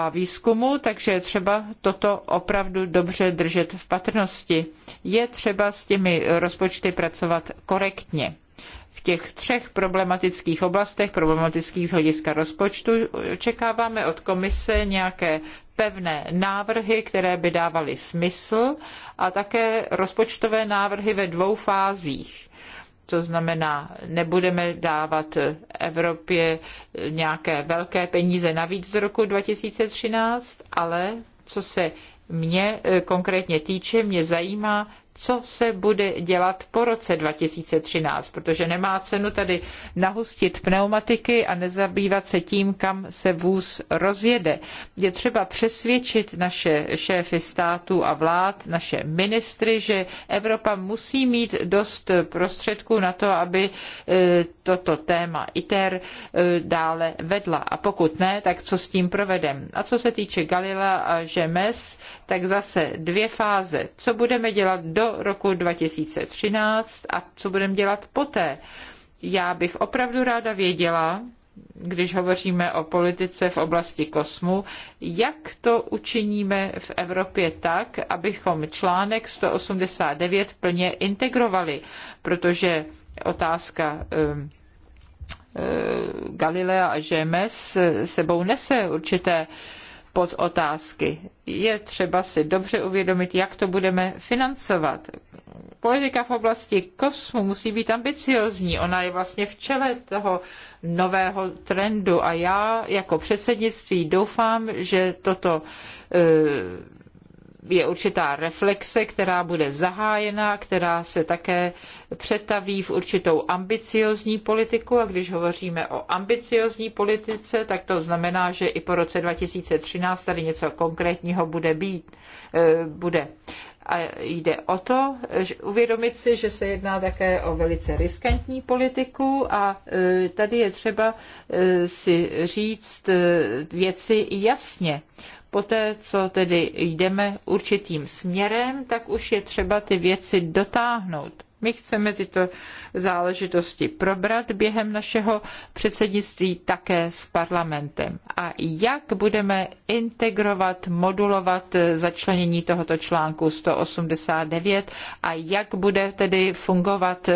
a výzkumu, takže je třeba toto opravdu dobře držet v patrnosti. Je třeba s těmi rozpočty pracovat korektně. V těch třech problematických oblastech, problematických z hlediska rozpočtu, očekáváme od komise nějaké pevné návrhy, které by dávaly smysl a také rozpočtové návrhy ve dvou fázích to znamená, nebudeme dávat Evropě nějaké velké peníze navíc z roku 2013, ale co se mě eh, konkrétně týče, mě zajímá, co se bude dělat po roce 2013, protože nemá cenu tady nahustit pneumatiky a nezabývat se tím, kam se vůz rozjede. Je třeba přesvědčit naše šéfy států a vlád, naše ministry, že Evropa musí mít dost prostředků na to, aby e, toto téma ITER e, dále vedla. A pokud ne, tak co s tím provedem? A co se týče Galila a Žemes, tak zase dvě fáze. Co budeme dělat do roku 2013 a co budeme dělat poté. Já bych opravdu ráda věděla, když hovoříme o politice v oblasti kosmu, jak to učiníme v Evropě tak, abychom článek 189 plně integrovali, protože otázka um, uh, Galilea a Žemes sebou nese určité pod otázky. Je třeba si dobře uvědomit, jak to budeme financovat. Politika v oblasti kosmu musí být ambiciozní. Ona je vlastně v čele toho nového trendu a já jako předsednictví doufám, že toto eh, je určitá reflexe, která bude zahájena, která se také přetaví v určitou ambiciozní politiku. A když hovoříme o ambiciozní politice, tak to znamená, že i po roce 2013 tady něco konkrétního bude být. Eh, bude. A jde o to, že uvědomit si, že se jedná také o velice riskantní politiku a eh, tady je třeba eh, si říct věci jasně poté, co tedy jdeme určitým směrem, tak už je třeba ty věci dotáhnout. My chceme tyto záležitosti probrat během našeho předsednictví také s parlamentem. A jak budeme integrovat, modulovat začlenění tohoto článku 189 a jak bude tedy fungovat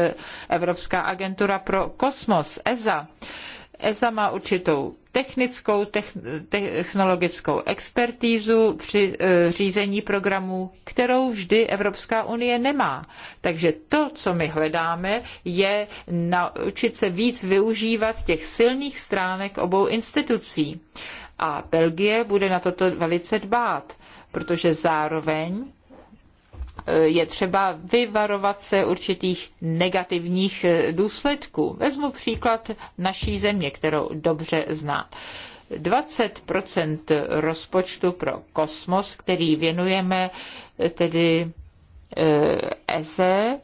Evropská agentura pro kosmos ESA? ESA má určitou technickou, technologickou expertízu při e, řízení programů, kterou vždy Evropská unie nemá. Takže to, co my hledáme, je naučit se víc využívat těch silných stránek obou institucí. A Belgie bude na toto velice dbát, protože zároveň Eh, je třeba vyvarovat se určitých negativních eh, důsledků. Vezmu příklad naší země, kterou dobře znám. 20 rozpočtu pro kosmos, který věnujeme eh, tedy Eh, EZE.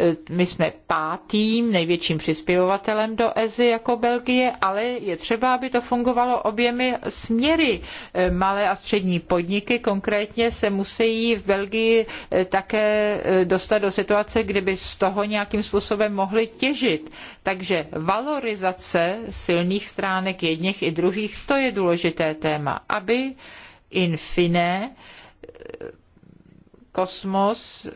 Eh, my jsme pátým největším přispěvovatelem do Eze jako Belgie, ale je třeba, aby to fungovalo oběmi směry. Eh, malé a střední podniky konkrétně se musí v Belgii také dostat do situace, kdyby z toho nějakým způsobem mohli těžit. Takže valorizace silných stránek jedněch i druhých, to je důležité téma, aby in fine kosmos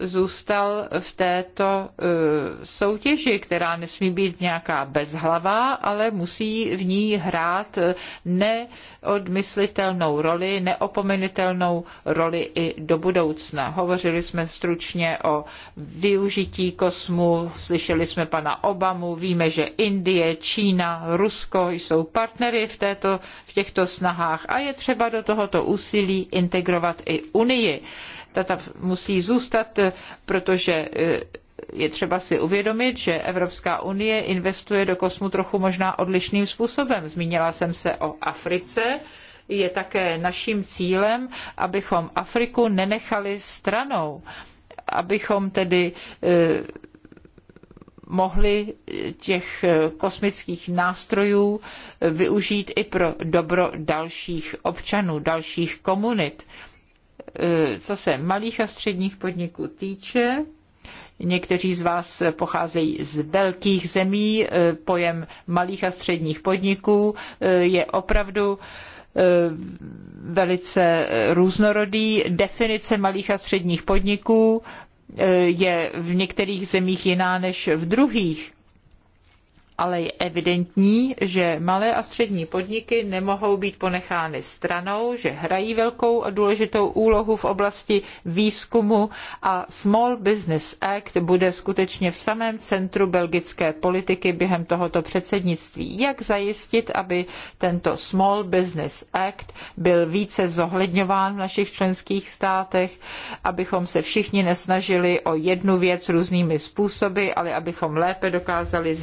zůstal v této eh, soutěži, která nesmí být nějaká bezhlavá, ale musí v ní hrát neodmyslitelnou roli, neopomenutelnou roli i do budoucna. Hovořili jsme stručně o využití kosmu, slyšeli jsme pana Obamu, víme, že Indie, Čína, Rusko jsou partnery v, této, v těchto snahách a je třeba do tohoto úsilí integrovat i Unii ta tam musí zůstat, eh, protože eh, je třeba si uvědomit, že Evropská unie investuje do kosmu trochu možná odlišným způsobem. Zmínila jsem se o Africe. Je také naším cílem, abychom Afriku nenechali stranou, abychom tedy eh, mohli těch kosmických nástrojů využít i pro dobro dalších občanů, dalších komunit. Eh, co se malých a středních podniků týče, Někteří z vás pocházejí z velkých zemí. Eh, pojem malých a středních podniků eh, je opravdu velice různorodý. Definice malých a středních podniků je v některých zemích jiná než v druhých ale je evidentní, že malé a střední podniky nemohou být ponechány stranou, že hrají velkou a důležitou úlohu v oblasti výzkumu a Small Business Act bude skutečně v samém centru belgické politiky během tohoto předsednictví. Jak zajistit, aby tento Small Business Act byl více zohledňován v našich členských státech, abychom se všichni nesnažili o jednu věc různými způsoby, ale abychom lépe dokázali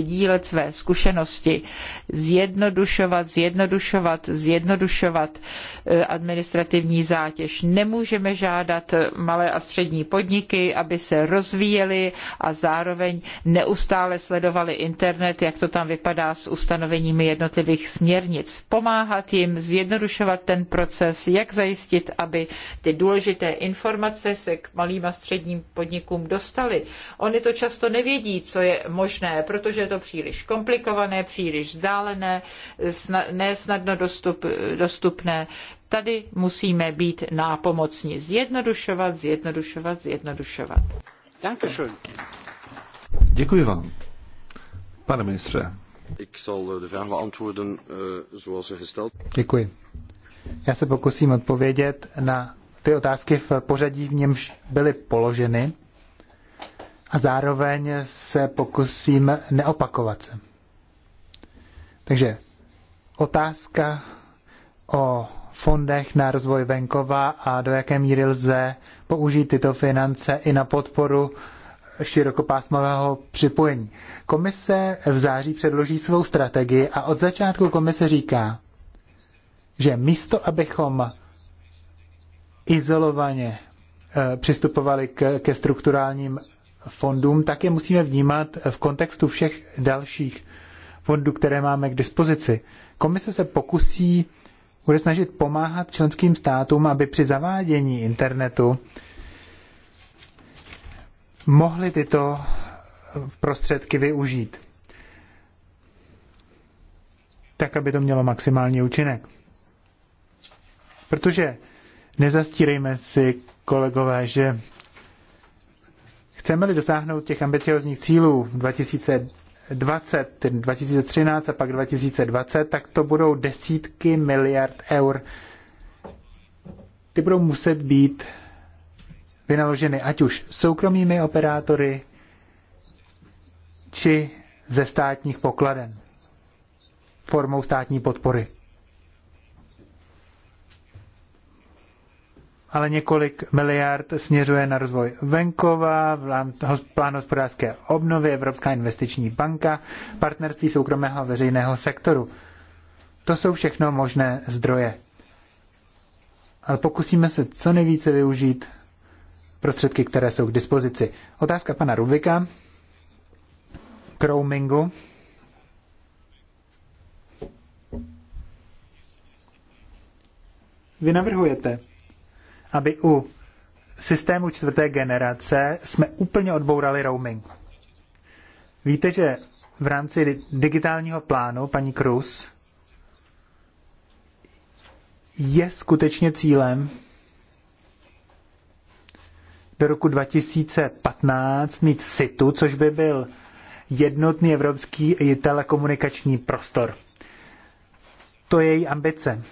dílet své zkušenosti, zjednodušovat, zjednodušovat, zjednodušovat eh, administrativní zátěž. Nemůžeme žádat malé a střední podniky, aby se rozvíjely a zároveň neustále sledovali internet, jak to tam vypadá s ustanoveními jednotlivých směrnic. Pomáhat jim, zjednodušovat ten proces, jak zajistit, aby ty důležité informace se k malým a středním podnikům dostaly. Oni to často nevědí, co je možné, proto protože je to příliš komplikované, příliš vzdálené, nesnadno dostup, dostupné. Tady musíme být nápomocní. Zjednodušovat, zjednodušovat, zjednodušovat. Dankeschön. Děkuji vám. Pane ministře. Eh, eh, er Děkuji. Já se pokusím odpovědět na ty otázky v pořadí, v němž byly položeny a zároveň se pokusím neopakovat se. Takže otázka o fondech na rozvoj venkova a do jaké míry lze použít tyto finance i na podporu širokopásmového připojení. Komise v září předloží svou strategii a od začátku komise říká, že místo, abychom izolovaně eh, přistupovali ke strukturálním fondům, tak je musíme vnímat v kontextu všech dalších fondů, které máme k dispozici. Komise se pokusí, bude snažit pomáhat členským státům, aby při zavádění internetu mohly tyto prostředky využít. Tak, aby to mělo maximální účinek. Protože nezastírejme si, kolegové, že Chceme-li dosáhnout těch ambiciozních cílů 2020, 2013 a pak 2020, tak to budou desítky miliard eur. Ty budou muset být vynaloženy ať už soukromými operátory, či ze státních pokladen formou státní podpory. ale několik miliard směřuje na rozvoj venkova, plán hospodářské obnovy, Evropská investiční banka, partnerství soukromého a veřejného sektoru. To jsou všechno možné zdroje. Ale pokusíme se co nejvíce využít prostředky, které jsou k dispozici. Otázka pana Rubika k roamingu. Vy navrhujete, aby u systému čtvrté generace jsme úplně odbourali roaming. Víte, že v rámci digitálního plánu paní Cruz je skutečně cílem do roku 2015 mít SITu, což by byl jednotný evropský telekomunikační prostor. To je její ambice.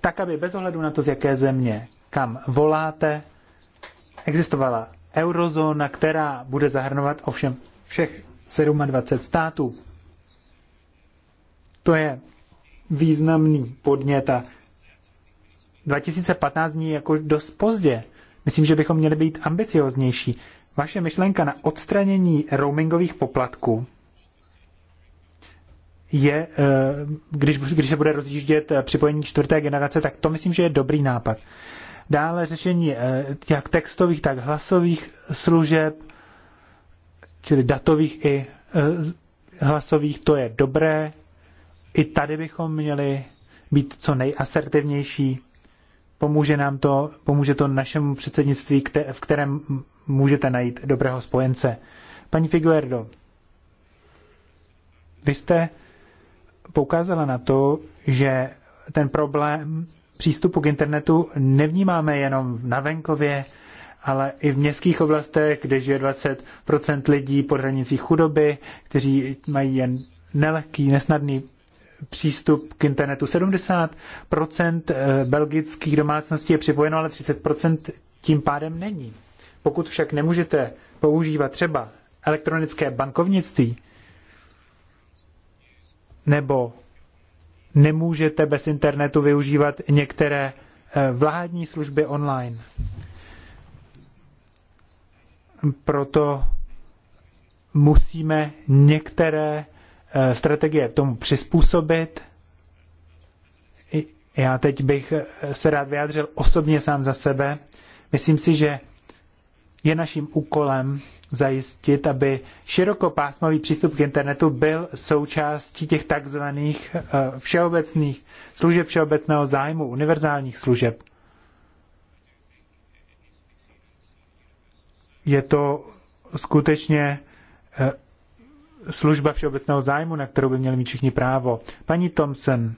Tak, aby bez ohledu na to, z jaké země kam voláte. Existovala eurozóna, která bude zahrnovat ovšem všech 27 států. To je významný podnět a 2015 dní jako dost pozdě. Myslím, že bychom měli být ambicioznější. Vaše myšlenka na odstranění roamingových poplatků je, eh, když, když se bude rozjíždět připojení čtvrté generace, tak to myslím, že je dobrý nápad. Dále řešení eh, jak textových, tak hlasových služeb, čili datových i eh, hlasových, to je dobré. I tady bychom měli být co nejasertivnější. Pomůže nám to, pomůže to našemu předsednictví, v kterém můžete najít dobrého spojence. Paní Figuerdo, vy jste poukázala na to, že ten problém přístupu k internetu nevnímáme jenom na venkově, ale i v městských oblastech, kde žije 20 lidí pod hranicí chudoby, kteří mají jen nelehký, nesnadný přístup k internetu. 70 eh, belgických domácností je připojeno, ale 30 tím pádem není. Pokud však nemůžete používat třeba elektronické bankovnictví nebo nemůžete bez internetu využívat některé eh, vládní služby online. Proto musíme některé eh, strategie tomu přizpůsobit. Já teď bych eh, se rád vyjádřil osobně sám za sebe. Myslím si, že je naším úkolem zajistit, aby širokopásmový přístup k internetu byl součástí těch takzvaných eh, všeobecných služeb všeobecného zájmu, univerzálních služeb. Je to skutečně eh, služba všeobecného zájmu, na kterou by měli mít všichni právo. Paní Thompson,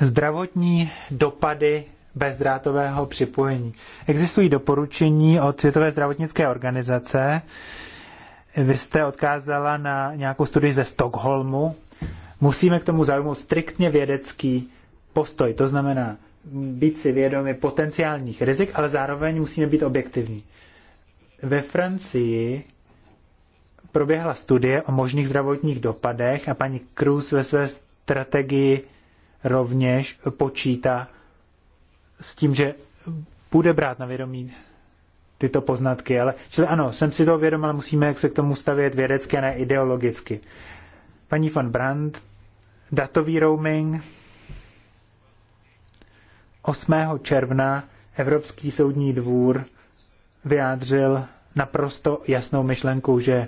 zdravotní dopady bezdrátového připojení. Existují doporučení od Světové zdravotnické organizace. Vy jste odkázala na nějakou studii ze Stockholmu. Musíme k tomu zaujmout striktně vědecký postoj. To znamená být si vědomi potenciálních rizik, ale zároveň musíme být objektivní. Ve Francii proběhla studie o možných zdravotních dopadech a paní Cruz ve své strategii rovněž počítá s tím, že bude brát na vědomí tyto poznatky. Ale, čili ano, jsem si toho vědom, ale musíme se k tomu stavět vědecky a ne ideologicky. Paní von Brandt, datový roaming. 8. června Evropský soudní dvůr vyjádřil naprosto jasnou myšlenku, že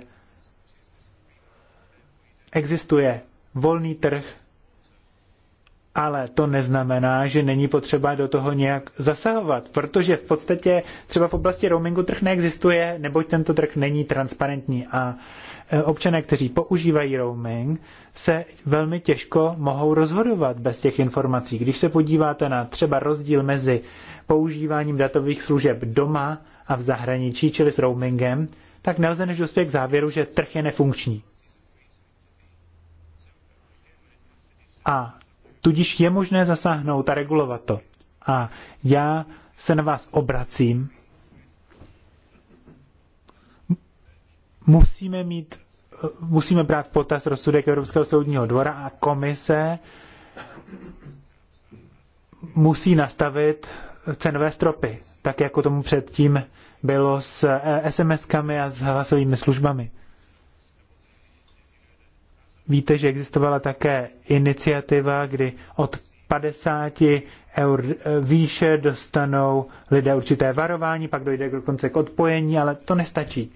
existuje volný trh ale to neznamená, že není potřeba do toho nějak zasahovat, protože v podstatě třeba v oblasti roamingu trh neexistuje, neboť tento trh není transparentní a e, občané, kteří používají roaming, se velmi těžko mohou rozhodovat bez těch informací. Když se podíváte na třeba rozdíl mezi používáním datových služeb doma a v zahraničí, čili s roamingem, tak nelze než dospět k závěru, že trh je nefunkční. A Tudíž je možné zasáhnout a regulovat to. A já se na vás obracím. Musíme mít, musíme brát potaz rozsudek Evropského soudního dvora a komise musí nastavit cenové stropy, tak jako tomu předtím bylo s eh, SMS-kami a s hlasovými službami. Víte, že existovala také iniciativa, kdy od 50 eur eh, výše dostanou lidé určité varování, pak dojde dokonce k odpojení, ale to nestačí.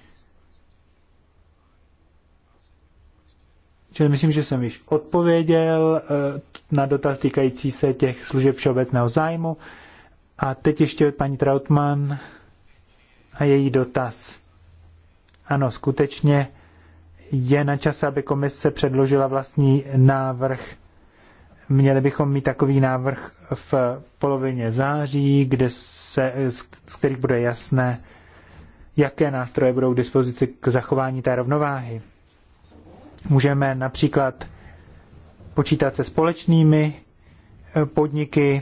Čili myslím, že jsem již odpověděl eh, na dotaz týkající se těch služeb všeobecného zájmu. A teď ještě od paní Trautmann a její dotaz. Ano, skutečně je na čase, aby komise předložila vlastní návrh. Měli bychom mít takový návrh v polovině září, kde se, z kterých bude jasné, jaké nástroje budou k dispozici k zachování té rovnováhy. Můžeme například počítat se společnými eh, podniky,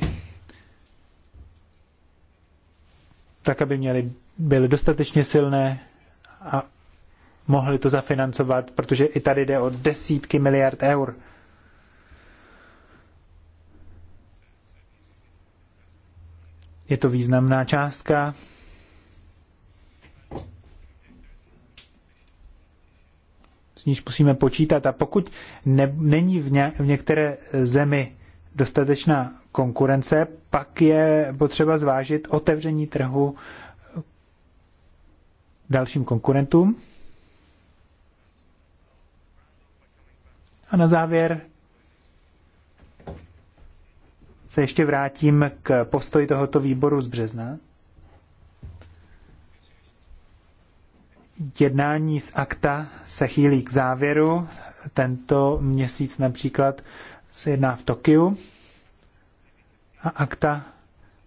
tak aby měly, byly dostatečně silné a mohli to zafinancovat, protože i tady jde o desítky miliard eur. Je to významná částka. S níž musíme počítat. A pokud ne, není v, ně, v některé zemi dostatečná konkurence, pak je potřeba zvážit otevření trhu dalším konkurentům. A na závěr se ještě vrátím k postoji tohoto výboru z března. Jednání z akta se chýlí k závěru. Tento měsíc například se jedná v Tokiu a akta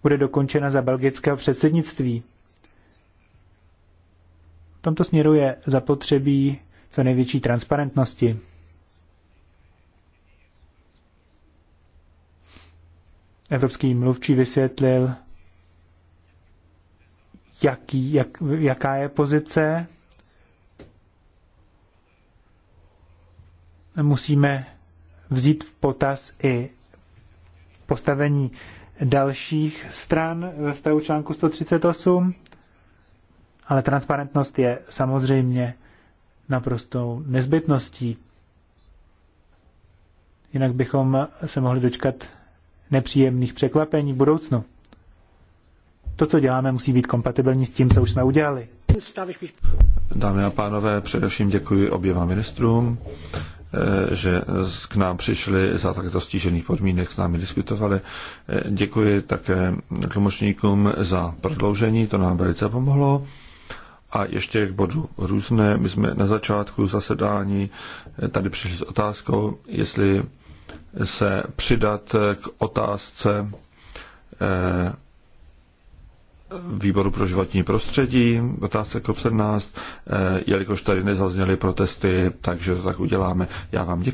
bude dokončena za belgického předsednictví. V tomto směru je zapotřebí co největší transparentnosti. evropský mluvčí vysvětlil, jaký, jak, jaká je pozice. Musíme vzít v potaz i postavení dalších stran ve stavu článku 138, ale transparentnost je samozřejmě naprostou nezbytností. Jinak bychom se mohli dočkat nepříjemných překvapení v budoucnu. To, co děláme, musí být kompatibilní s tím, co už jsme udělali. Dámy a pánové, především děkuji oběma ministrům, eh, že k nám přišli za takto stížených podmínek, s námi diskutovali. Eh, děkuji také tlumočníkům za prodloužení, to nám velice pomohlo. A ještě k bodu různé. My jsme na začátku zasedání eh, tady přišli s otázkou, jestli se přidat k otázce eh, výboru pro životní prostředí, otázce COP17, eh, jelikož tady nezazněly protesty, takže to tak uděláme. Já vám děkuji.